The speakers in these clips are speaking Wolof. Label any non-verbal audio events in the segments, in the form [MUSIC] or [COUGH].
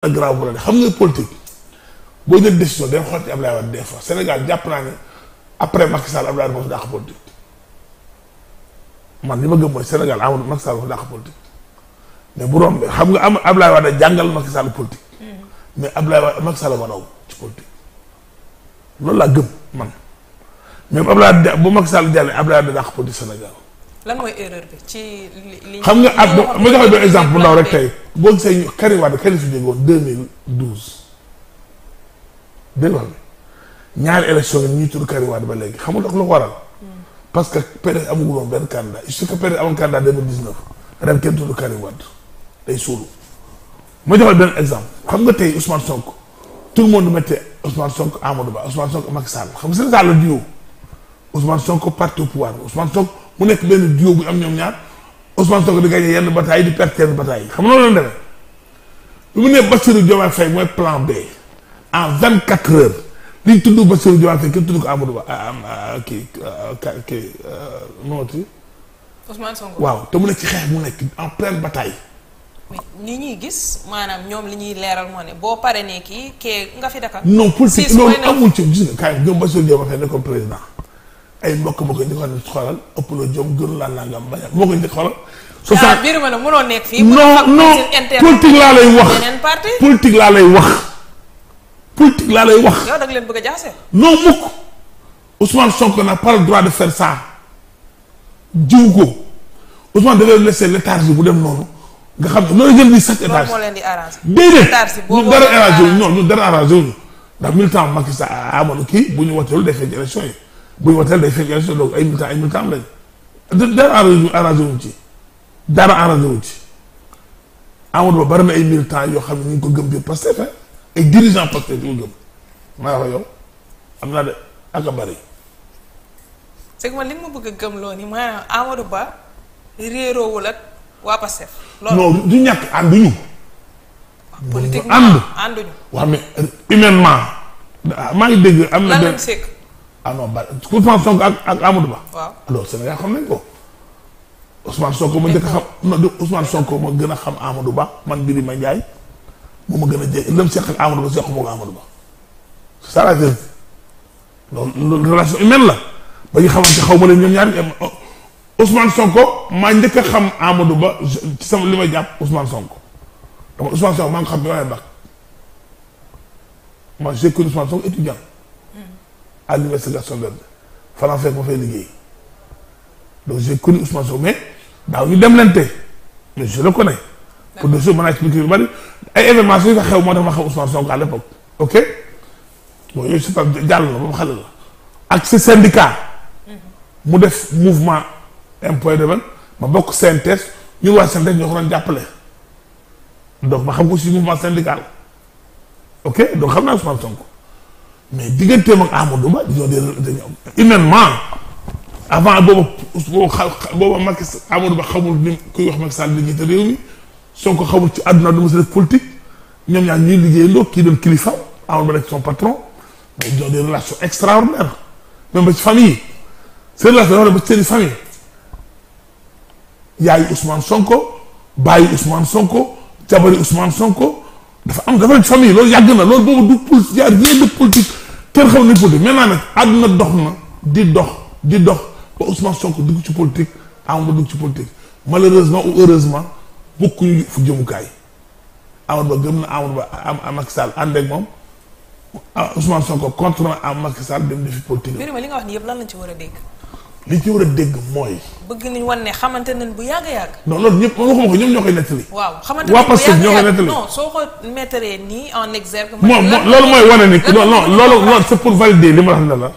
ak garaaw xam nga politique boo jël décision day xool ci Abdoulaye Wade des fois Sénégal jàpp naa ne après Macky Sall Abdoulaye Wade moo fi dàq politique man li ma gëm mooy Sénégal amul Macky Sall moo dàq politique mais bu rombee xam nga am Abdoulaye Wade jàngal Macky Sall politique mm-hmm. mais Abdoulaye Wade Macky Sall ma raw ci politique loolu laa gëm man mais bu Abdoulaye bu Macky Sall jàllee Abdoulaye Wade dàq politique Sénégal. xam nga at ma joxe benn exemple bu ndaw rek tey boo gisee ñu Karim Wade kañ la fi jógee woon deux mille douze. dégg nga ñaari élection yi ñuy tudd Karim Wade ba léegi xamul ak lu ko waral. Hmm. parce que PDS amul woon benn candidat je sais que PDS amoon candidat deux kenn tudd Karim day suulu. ma joxe benn exemple xam nga tey Ousmane Sonko tout le monde mettait Ousmane Sonko Amadou Ba Ousmane Sonko Macky Sall xam nga c'est ça le duo Ousmane Sonko parti au pouvoir Ousmane Sonko. mu nekk benn duo bu am ñoom ñaar Ousmane Sonko di gagné yenn bataille di perte yenn bataille xam nga noonu la demee bi mu ne Bassirou Diomaye Faye mooy plan B en vingt quatre heures liñ tudd Bassirou Diomaye Faye kenn tudd ko Amadou Ba ah, ah, kii ah, kii noonu Ousmane Sonko waaw te mu nekk ci xeex mu en pleine bataille. li ñuy gis maanaam ñoom li ñuy leeral moo ne boo paree ne kii kee nga fi dakar si politique loolu amul ci gis nga kaay ñoom Bassirou Diomaye Faye nekkoon président. ay mbokk moo koy njëkk a xoolal ëpp la jom gënu laa nangam bañ a moo koy njëkk a xoolal. soo saa ah, biir ma ne mënoo nekk fii. non non politique laa lay wax. politique laa lay wax. politique laa lay wax. yow da nga leen bëgg a jaase. non mukk Ousmane Sonko n'a pas le droit de faire ça jiw ko Ousmane da ngay laisser léthargie bu dem noonu nga xam ne loolu jël di sept étages. loolu moo leen di arrangé. déedéet ñu dara arrangé wu ñu non ñu dara arrangé wu ñu ndax militant Macky Sall ah, amoon kii bu ñu woteelu defee élection yi. buy woteel day fekk élection donc ay militant ay militant lañ dara arrangé ci dara arrangé ci Amadou Ba bari na ay militant yoo xam ne ñu ngi ko gëm biir Pastef ay dirigeant Pastef di ko gëm maa wax yow am naa de ak a bëgg a gëm loo maa ngi dégg sekk. ah non ba Ousmane Sonko ak ak Amadou Ba. waaw alors Sénégal xam nañ ko. Ousmane Sonko ma njëkk a xam non Sonko ma gën a xam Amadou Ba man Birima Ndiaye mu ma gën a jé lëm seq ak Amadou Ba la vérité loolu relation xaw ma leen ñoom ñaari euh, Sonko maa njëkk xam Amadou Ba ci li may jàpp Ousmane Sonko dama Ousmane Sonko maa ngi xam bi ma lay bàq ma j'ai connu Ousmane Sonko étudiant. à l'université Gaston français ma fay liggéey donc j'ai connu mais daaw ñu dem lente mais le connais. pour de suuf mën a ay événements suñu xew ma xew Ousmane Sonko à l'époque ok jàll la ba mu xale la ak sa syndicat mhm. mu def mouvement employé de man ma bokk CNTS ñu waa CNTS ñoo ko doon jàppale donc ma xam ko si mouvement syndical ok donc xam naa Ousmane Sonko mais digganteem ak Amadou Ba disons dañoo humainement avant booba booba xa booba Macky Ba xamul ni kuy wax Macky Sall di jiite réew xamul ci àdduna du ma si def politique ñoom ñaar ñuy liggéeyandoo kii doon kilifa Amadou Ba nekk son patron mais ils ont des relations extraordinaires même ba ci famille seen relation yoo xam ne ba ci seen famille yaayu Ousmane Sonko baayu Ousmane Sonko jabari Ousmane Sonko dafa am dafa nekk loolu yàgg loolu boobu du politique jaar yéen de politique. kër xaw ni politique maintenant nag àdduna dox na di dox di dox ba Ousmane Sonko dugg ci politique Amadou dugg ci politique malheureusement ou heureusement bokkuñu fu jëmukaay Amadou Ba gëm na Amadou Ba am Macky Sall ànd ak moom ah, Ousmane Sonko contre na am Macky Sall dem defi politique. mbir mi li nga wax nii yëpp lan lañ ci war a dégg. li ci war a dégg mooy. bëgg nañu wan ne xamante nañ bu yàgg a yàgg. non loolu ñëpp waxuma ko ñoom ñoo koy nettali. waaw xamante nañ bu yàgg a yàgg non soo ko mettre nii en exergue. moom loolu mooy wane ni [LAUGHS] non non loolu loolu c'est pour valider li ma wax ne la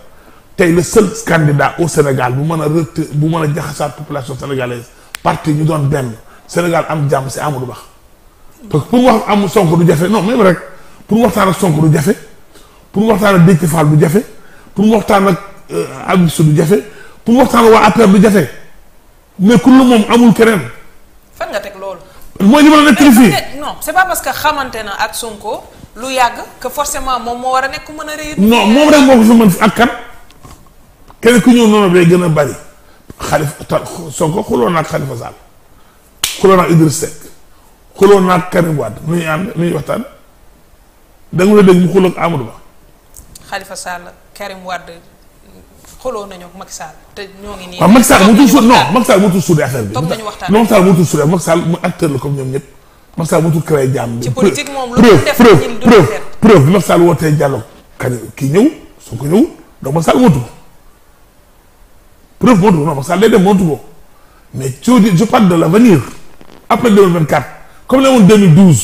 tey le seul candidat au Sénégal bu mën a ret bu mën a jaxasaat population sénégalaise parti ñu doon benn Sénégal am jàmm si Amadou Ba. parce que pour wax am sonk du jafe non même rek pour waxtaan ak Sonko du jafe pour waxtaan ak Déthié Fall du jafe pour waxtaan ak euh, Abdou Sou du jafe. pour waxtaan waa APR du jafe mais ku lu moom amul keneen. fan nga teg loolu. mooy li ma la nekk fii eh, eh, non c'est pas parce que xamante na ak Sonko lu yàgg que forcément moom moo war a nekk ku mën a réer. non moom rek moo ko fi mën ak kan keneen ku ñëw noonu day gën a bari Khalifa ta Sonko xuloo naag Khalifa Sall xuloo naag Idriss Seck xuloo naag Karim Wade nu ñuy ànd waxtaan da nga a dégg mu xuloo ak Ba. Khalifa Sall Karim Wade. xoloo nañu ak Macky Sall te ñoo ngi nii. waaw Macky Sall moo tudd non Macky Sall moo tudd suude affaire bi. toog nañu waxtaan non Macky Sall moo tudd suude Macky Sall mu acteur la comme ñoom ñëpp Macky Sall moo tudd créé jàmm. ci politique moom lu mu def preuve preuve preuve bi Macky Sall wootee dialogue kan kii ñëw soo ko ñëw donc Macky Sall moo tudd preuve moo tudd non Macky Sall day dem moo tudd ko mais coo di je parle de l' avenir après 2024 comme li ma woon 2012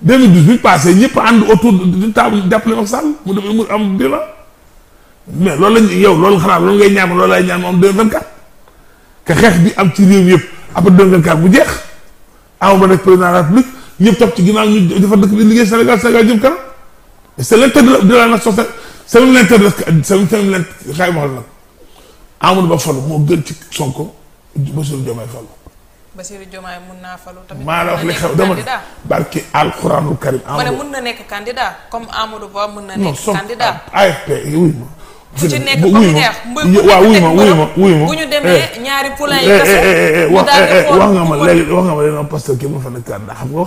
2012 bi passé ñëpp ànd autour d'une table jàppale Macky Sall mu dem mu am débat. mais loolu lañ yow loolu xanaa loolu ngay ñaan loolu lay ñaan mu am 2024 que xeex bi am ci réew yëpp après 2024 bu jeex amul ba nekk président ñëpp topp ci ginnaaw ñu defar dëkk bi liggéey Sénégal Sénégal jëm la nation c'est même Ba falu moo gën ci Sonko Bassirou Diomaye falu. Bassirou naa falu tamit. maa la wax li xew dama ne barki alxuraanul karim. Amadou mun na nekk candidat comme Amadou Ba mun na nekk candidat. ku ci nekk ba mu waaw wuyu ma wuyu ma wuyu ma bu ñu demee eh, ñaari eh, poulain eh, ma léegi wax nga ma léegi ma pasteur kii ma fa nekk ndax xam nga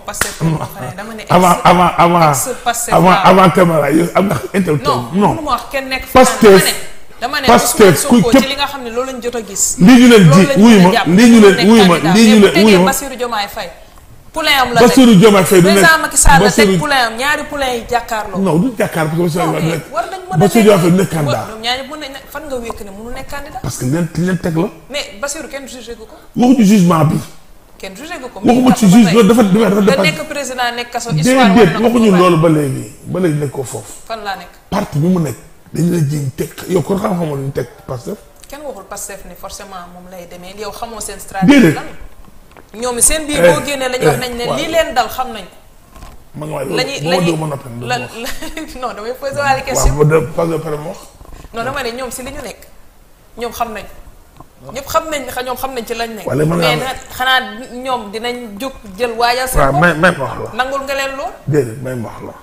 xam. ma fa nekk dama ne. avant avant non non wax kenn képp li nga xam ne loolu lañ jot a gis. lii ñu leen di ma lii ñu leen wuyu ma poulain am la du nekk président Macky Sall du que war nañ mën nekk candidat. ñaari mën fan nekk candidat. la. mais laa nekk. parti bi mu nekk dañu la jiñ teg yow kon xam-xamoon ñu teg Pastef. kenn waxul Pastef ni forcément moom lay demee yow xamoo seen stratégie lan ñoom seen biir boo eh, génnee lañu eh, nañ ne lii leen dal xam nañ ko. man waaye loolu bu ma doon la [LAUGHS] non damay posé waale question. ma pare ma wax. li ñu nekk ñoom xam nañ. ñëpp xam nañ ne ñoom xam nañ ci lañ nekk. wala mën mais xanaa ñoom dinañ jóg jël waajal. seen bopp waaw wax la. nangul nga leen lool. la.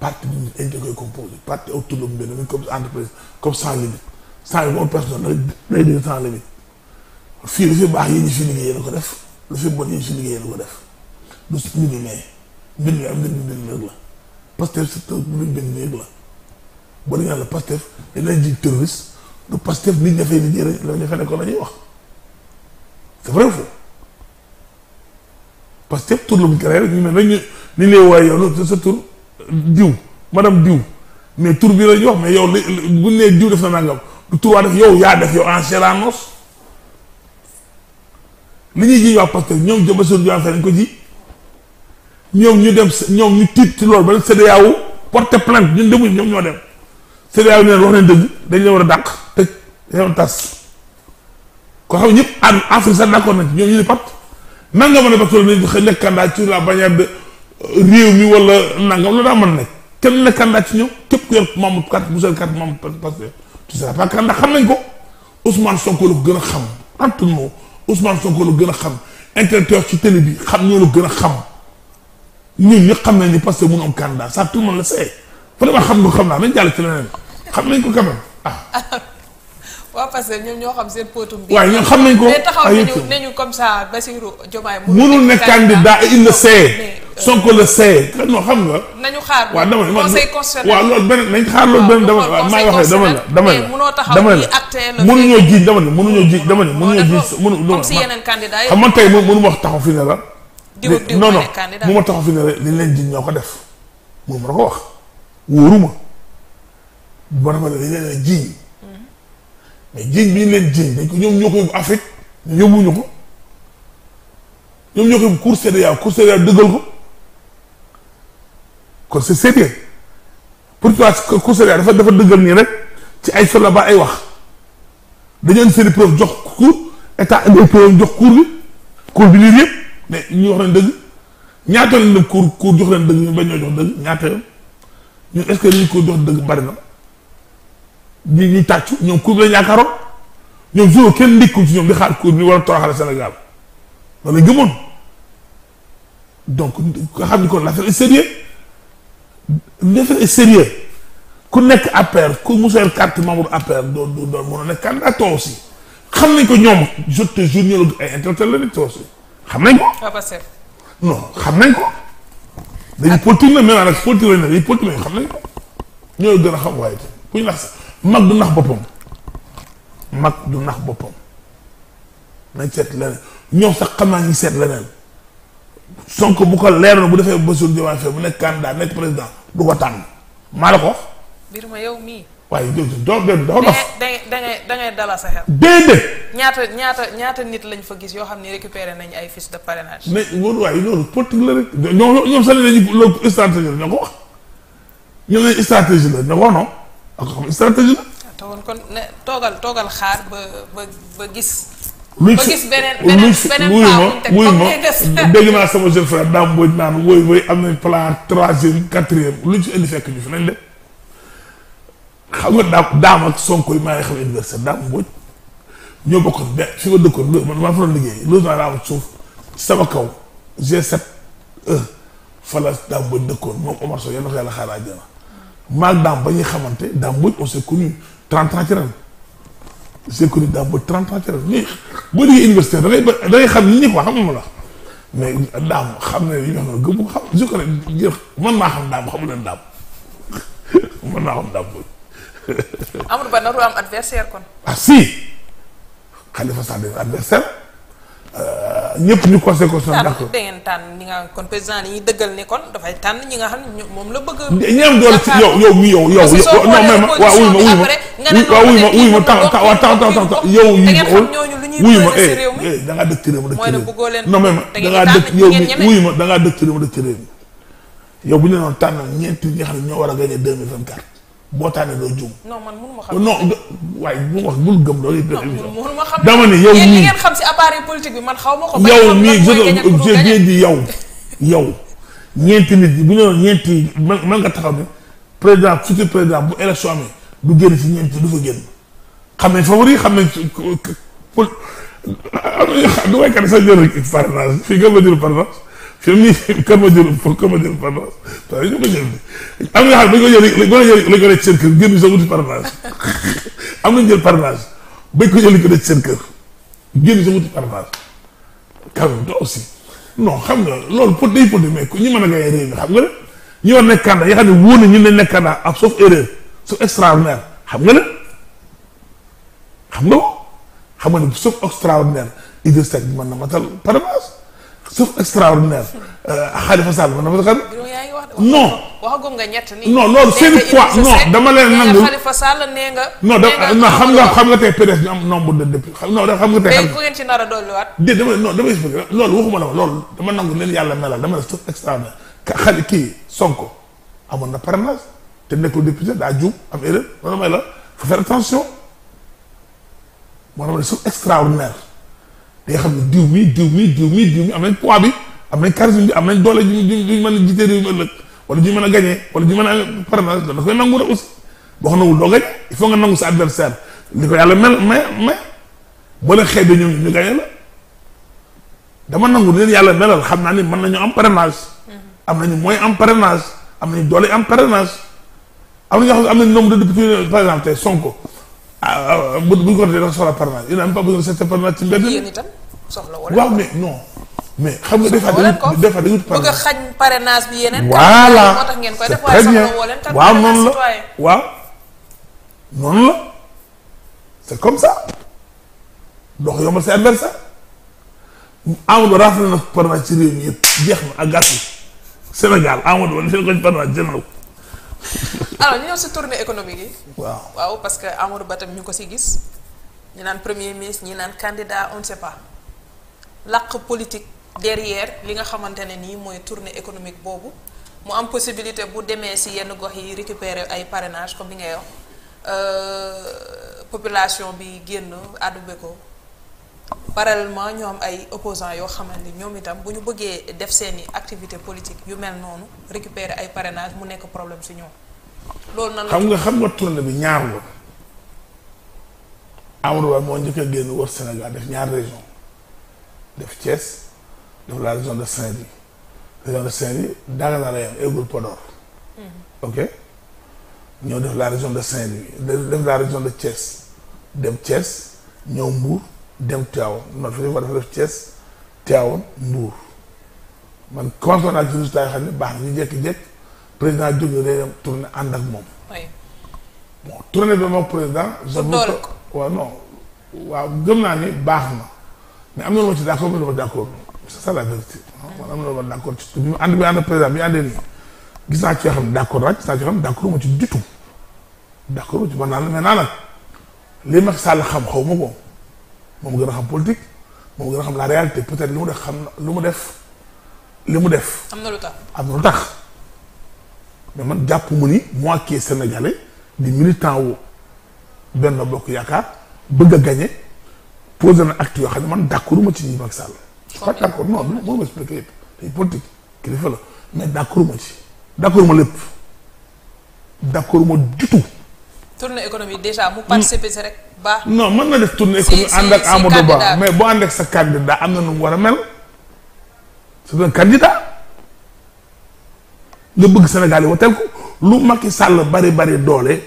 parti bi ay jógee composé parti autonome bi dañuy comme entreprise comme sans limite sans limite personne lay lu fi baax yi ñu fi liggéey yéen a ko def. lu si bon yi si liggéey lu ko def lu si mbir mi mais mbir mi am mbir mi mbir mi rek la Pastef si taw bi mbir mi rek la boo dee la Pastef dañ lay ji terroriste du Pastef nit ña fay liggéey rek la ñuy wax c'est vrai foofu Pastef tur la mu créé rek ñu ne la ñu yow loolu sa tur diw madame diw mais tur bi la ñuy wax mais yow li bu ñu nee diw def na nangam du tur waa def yow yaa def yow en chair li ñuy ji waa Pastef ñoom jëm Bassirou Diomaye Faye ko ji ñoom ñu dem ñoom ñu tiit ci loolu ba CEDEAO porte plainte ñun demuñ ñoo dem CEDEAO ne wax nañ dëgg dañ leen war a dàq tëj dañ war a tas koo xam ne ñëpp ànd Afrique sax d'accord ñu ne pat nan nga a Bassirou nañ xëy nekk candidat ci la bannière de euh, réew mi wala nangam la daa mën nekk kenn nekk candidat ci képp ku yor membre carte bu seen carte membre Pastef tu nañ ko Ousmane Sonko la ko gën a xam entre nous Ousmane Sonko la gën a xam intellectuel ci télé bi xam ñoo la gën a xam ñun ñëpp xam nañ ni parce que mun am candidat ça tout le monde le sait vraiment xam nga xam naa nañ jàll xam nañ ko quand même ah. [LAUGHS] parce que ñoom ñoo xam seen potum bi. waaw nañ ko mais taxaw nañu nañu il le Sonko le sait. non xam nga. nañu xaar conseil constitutionnel waaw loolu benn nañ xaar loolu benn dama ne maa waxee dama ne dama ne dama ne mënuñoo ji dama ne mënuñoo ji dama ne mënuñoo ji mënu comme si yeneen candidat yi xam man tey mënu ma taxaw fi ne la non non mu ma taxaw fi ne la li leen ji ñoo def mënu ma ko wax wóoruma ba dama ne jiiñ bi ñu leen jiiñ dañ ko ñoom ñoo ko yóbbu Afrique ñu yóbbuñu ko ñoom ñoo ko yóbbu cour CEDEAO cour CEDEAO dëggal ko kon pour sérieux pourquoi consulaire dafa dafa dëggal nii rek ci ay solo ba ay wax dañoon seeni preuve jox cour état indi preuve jox kuur bi cour bi lii yëpp mais ñu wax leen dëgg ñaata yoon dem cour cour jox leen dëgg ñu bañ ñoo jox dëgg ñaata yoon ñun est-ce jox dëgg bari na ñi ñuy tàccu ñoom cour bi lañ yaakaaroon ñoom jour kenn ndikkul ci ñoom di xaar cour bi wala toroxal Sénégal loolu gëmoon donc nga xam ni kon l'affaire est sérieuse dafa sérieux ku nekk APR ku museer carte membre APR doo doo doo mën a nekk candidat toi xam nañ ko ñoom je te jure ñu ay intellectuel la nit toi aussi xam nañ ko. Ah, non xam nañ ko. dañuy politique la mais maanaam politique la ñu ne dañuy politique la xam nañ ko ñoo gën a xam waaye te ku ñu nax mag du nax boppam mag du nax boppam nañ seet leneen ñoom sax xam naa ñu seet leneen. Sonko bu ko leeroon bu defee Bassirou Diomaye Faye bu nekk candidat nekk président du ko tànn maa la ko mbir ma yow mii. waaye doo doo doo dox. da ngay da ngay dalal sa xel. déedéet. ñaata ñaata ñaata nit lañ fa gis yoo xam ne récupéré nañ ay fiches de parrainage. mais loolu waaye loolu politique la rek ñoom ñoom sax dañuy loolu stratégie la ñoo ko wax ñoom ñooy stratégie la ñoo ko non ak xam stratégie la. Ah, toogal kon xaar ba ba ba gis. ma gis beneen beneen beneen ma dégg naa sama jeune frère Dame Mbodj naan wooy wooy am nañ plan troisième quatrième lu ñu ci indi fekk ñu fi nañ dem xam nga daam daam ak Sonko yi maa ngi xam anniversaire Dame Mbodj ñoo bokkoon ba fi ma man maa liggéey loolu maa daam suuf sama kaw G7 E fa la Dame Mbodj dëkkoon moom Omar Sow yal na ko yàlla daam ba ñuy xamante Dame Mbodj on s'est connu trente ans ci j'ai connu daa ba 30 ans ñuy boo liggéey université da ngay ba da xam nit ñi quoi xam nga la mais daam xam ne li nga xam ne xam je connais jërëjëf mën naa xam daam xamul leen daam [LAUGHS] mën naa xam daam boobu. [LAUGHS] Ba naru am adversaire kon. ah si Khalifa adversaire. Euh, ñëpp ñu conseil constitutionnel d'accord da ngeen tànn ñi nga kon président dañuy dëggal ne kon dafay tànn ñi nga xam ne moom la bëgg ñi am doole yow yow mi yow yow non même waaw wuy ma wuy ma waaw wuy ma wuy ma tax tax tax tax yow yi xool wuy ma eh, eh da ngaa dëkk réew ma dëkk réew non même da ngaa dëkk yow mi wuy ma da ngaa dëkk réew ma dëkk réew yow bu ñu doon tànn ñeenti ñi ne ñoo war a gagner 2024 boo tànnee doo juum. non man mënuma xam no waaye bu wax bul gëm loolu yëpp. mënuma xam dama ne yow. mii ngeen xam si appareil politique bi man xaw ma ko. yow mii je dis yow. yow ñeenti nit bu ñu doon ñeenti man man nga taxaw ne président futur président bu élection amee du génn si ñeenti du fa génn xam nañ favori xam nañ pour du may kat sa jël parrainage fii nga ma jël [LAUGHS] comme ni kama jël am na ñoo xam ne dañ ko jël dañ ko def seen kër génn sa wuti jël parrainage bañ ko jël dañ ko def seen kër génn sa xam nga loolu pot day pot ku mën a gagné xam nga la ñi war yi xam ne na ñu ne nekkaana ak sauf erreur sauf extraordinaire xam nga la xam nga ko xam nga ne sauf extraordinaire Idrissa Seck mën na matal parrainage sauf extraordinaire euh, Khalifa Sall man dama xam. non waxagum nga ñett nii. non loolu seen poids non dama leen nangu. Khalifa Sall nee nga. nee nga non xam nga xam nga tey PDS ñu am nombre de député non xam nga tey. ku ngeen ci nar a dolliwaat. déedéet dama la loolu dama nangu leen yàlla melal dama ne sauf extraordinaire xali kii Sonko amoon na parrainage te nekkul député daa juum am erreur loolu may la faut faire attention extraordinaire. day xam ne diw mii diw mii diw mii diw mii am nañ poids bi am nañ charisme bi am nañ doole ju ju juñ mën a jiite réew mi ëllëg wala juñ mën a gagné wala juñ mën a parrainage dana koy nangu rek aussi boo xam newul doo gagné il faut nga mel mais mais boo leen xeebee ñoom ñu gagné la dama nangu leen yàlla melal xam naa ni mën nañu am parrainage mm-hmm. am nañu mooy am parrainage am nañu doole am parrainage am na ñoo xam ne am nañ nombre de par exemple Sonko Ah, ah bu bu ñu ko doon dafa soxla permanence il n'a même pas besoin de cette permanence ci mbedd. itam soxla wala waaw mais xam nga des fois dañuy des fois dañuy bëgg a xañ parrainage bi yeneen. voilà moo ngeen koy def waaye soxla woo leen kan noonu la waaw noonu la c'est comme ça dox yombal sa adversaire Amadou rafetlu na parrainage ci réew mi yëpp jeex na ak gàtt Sénégal Amadou wala seen ko ci parrainage jël na ko [LAUGHS] alors ñu ñëw si tournée économique yi. waaw waaw parce que Amadou Ba tam ñu ko si gis ñu naan premier ministre ñi naan candidat on ne sait pas làq politique derrière li nga xamante ne nii mooy tournée économique boobu mu am possibilité bu demee si yenn gox yi récupérer ay parrainage comme li ngay wax euh, population bi génn àddu ko parallèlement ñoo am ay opposants yoo xamante ni ñoom itam bu ñu bëggee def seeni activité politique yu mel noonu récupérer ay parrainage mu nekk problème si ñoom loolu na la xam nga xam nga tournée bi ñaar la Amadou Ba moo njëkk a génn wër Sénégal def ñaar région def Thiès def la région de Saint-Louis région de la yam mhm. def la région de Saint-Louis def de Thiès dem Tivaouane man fi war dafa def Thiès Tivaouane Mbour man kontaan naa ci résultat yi xam ne baax na ñu jékki-jékki président jóg na day dem tourné ànd ak moom. bon tourné ba moom président. je waaw non naa ni baax na mais am na lu ci d'accord ma lu ma d'accord c'est ça la man am ànd bi ànd président gis naa ci yoo xam ne d'accord naa gis naa ci yoo xam ne naa la mais naa nag li Macky Sall xam xaw ma ko. moom gën a xam politique moom gën a xam la réalité peut-être lu mu def xam lu mu def li mu def. am na lu tax am mais man jàpp mu ni moi qui est sénégalais di militant wu Benno Bokk Yaakaar bëgg a gagné posé na acte xam ne man d'accord ma ci ñi Macky Sall. pas d'accord non non moo ma expliqué yëpp tey politique kilifa la mais d'accord ma ci d'accord lépp d'accord ma tournée économique déjà mu participer si rek baax. non mën na def tournée économique ànd ak Amadou Ba mais boo ànd ak sa candidat am na nu mu war a mel c'est un candidat nga bëgg Sénégal yi wateel ko lu Macky sàll bari bari doole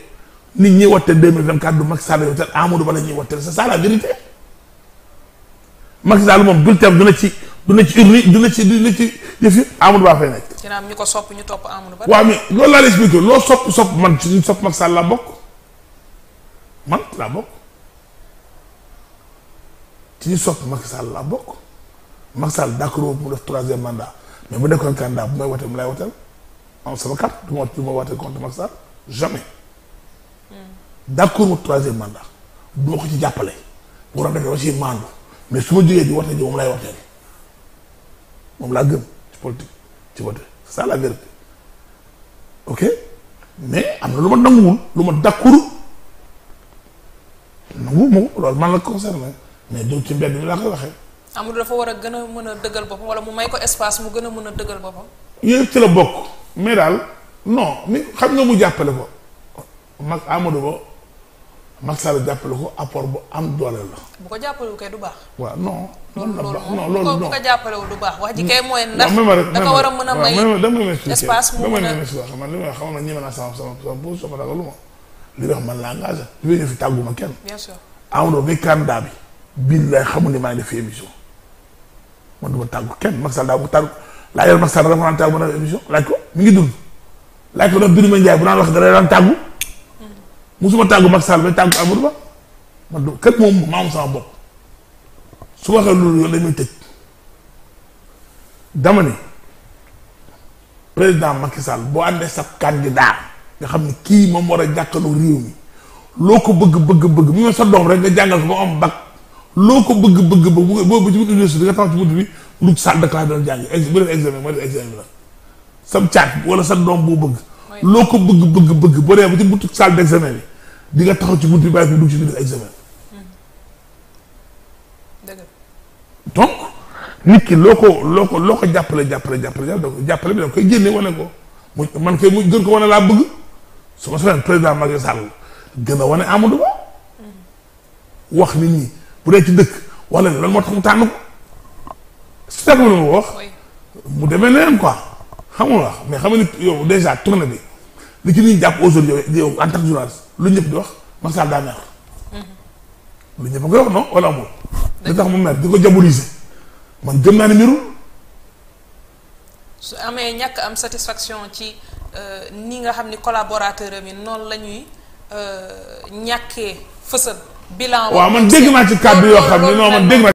nit ñi wateel deux mille vingt quatre du Macky Sall yi wateel Amadou Ba la ñuy wateel c'est ça la vérité Macky Sall moom bulletin duna ci duna ci du duna ci duna ci yëf yi Amadou Ba fay nekk. dina am ko sopp ñu topp Amadou Ba. waaw mais loolu laa lay expliqué loo sopp sopp man ci sopp Macky Sall laa bokk. man laa bokk ci ñu sopp Macky laa bokk Macky Sall mu def troisième mandat mais bu nekkoon candidat bu may wote mu lay woteel sama carte du ma du ma wote contre Macky hmm. mandat du ma ko ci jàppale bu war a defee aussi maandu mais su ma jógee di wote ji moom lay woteel moom laa gëm ci politique ci wote c'est la vérité ok mais am na lu ma nanguwul lu ma d'accord nanguwuma ko loolu man la concerné mais du ci mbedd bi laa koy waxee. Amadou dafa war a gën a mën a dëggal boppam wala mu may ko espace mu gën a mën a dëggal boppam. yooyu ci la bokk mais daal non ni xam nga mu ko mag bu jàppale kay du baax. waaw non. loolu loolu ko jàppalewul du baax wax ji mooy. ndax da ko war a mën a may espace mu mën a dama leen expliqué dama leen expliqué man li ma wax xamoon na ñeme naa sama sama sama li ma man la engagé li may def lay xamul ni maa ngi def fi émission man du ma tàggu kenn Macky Sall daa mu tàggu laa laaj ko mi ngi dund laaj ko doon Birima Ndiaye bu naan wax dara daan tàggu. Hmm. musuma tàggu Macky Sall ba tàggu Amadou Ba man du kat moom maa am sama bopp su waxee loolu yoon dañ may tëj dama ni président Macky Sall boo àndee sa candidat. nga xam ne kii moom war a jàkkaloo réew mi loo ko bëgg bëgg bëgg bu sa doom rek nga jàngal ko ba am bac loo ko bëgg bëgg bëgg boo ci buntu université nga tax ci buntu bi lu salle de classe doon jàng bu def examen mooy def examen la sam caat wala sa doom boo bëgg loo ko bëgg bëgg bëgg boo dee ba ci buntu salle d'examen di nga taxaw ci buntu bi bàyyi ko dugg ci biir examen hmm. donc nit ki loo ko loo ko loo ko jàppale jàppale jàppale jàppale bi da koy génne wane ko mu man koy mu gën ko wane laa bëgg su ko soxleen président Macky Sall gën a wane Amadou Ba wax nit ñi bu dee ci dëkk wax leen lan moo tax mu tànn ko su fekk ko wax mu demee leneen quoi xam nga wax mais xam nga yow déjà tournée bi li ci ñuy jàpp aujourd'hui yow en tant que lu ñëpp di wax Macky Sall daa mer mhm. lu ñëpp a koy wax non wala amul li tax mu mer di ko diaboliser man gëm naa ni mirul su amee ñàkk am satisfaction ci Euh, ni nga xam ni collaborateur am yi noonu la ñuy euh, ñàkkee fësal bilan waaw man dégg naa ci kàddu yoo xam ne non man dégg naa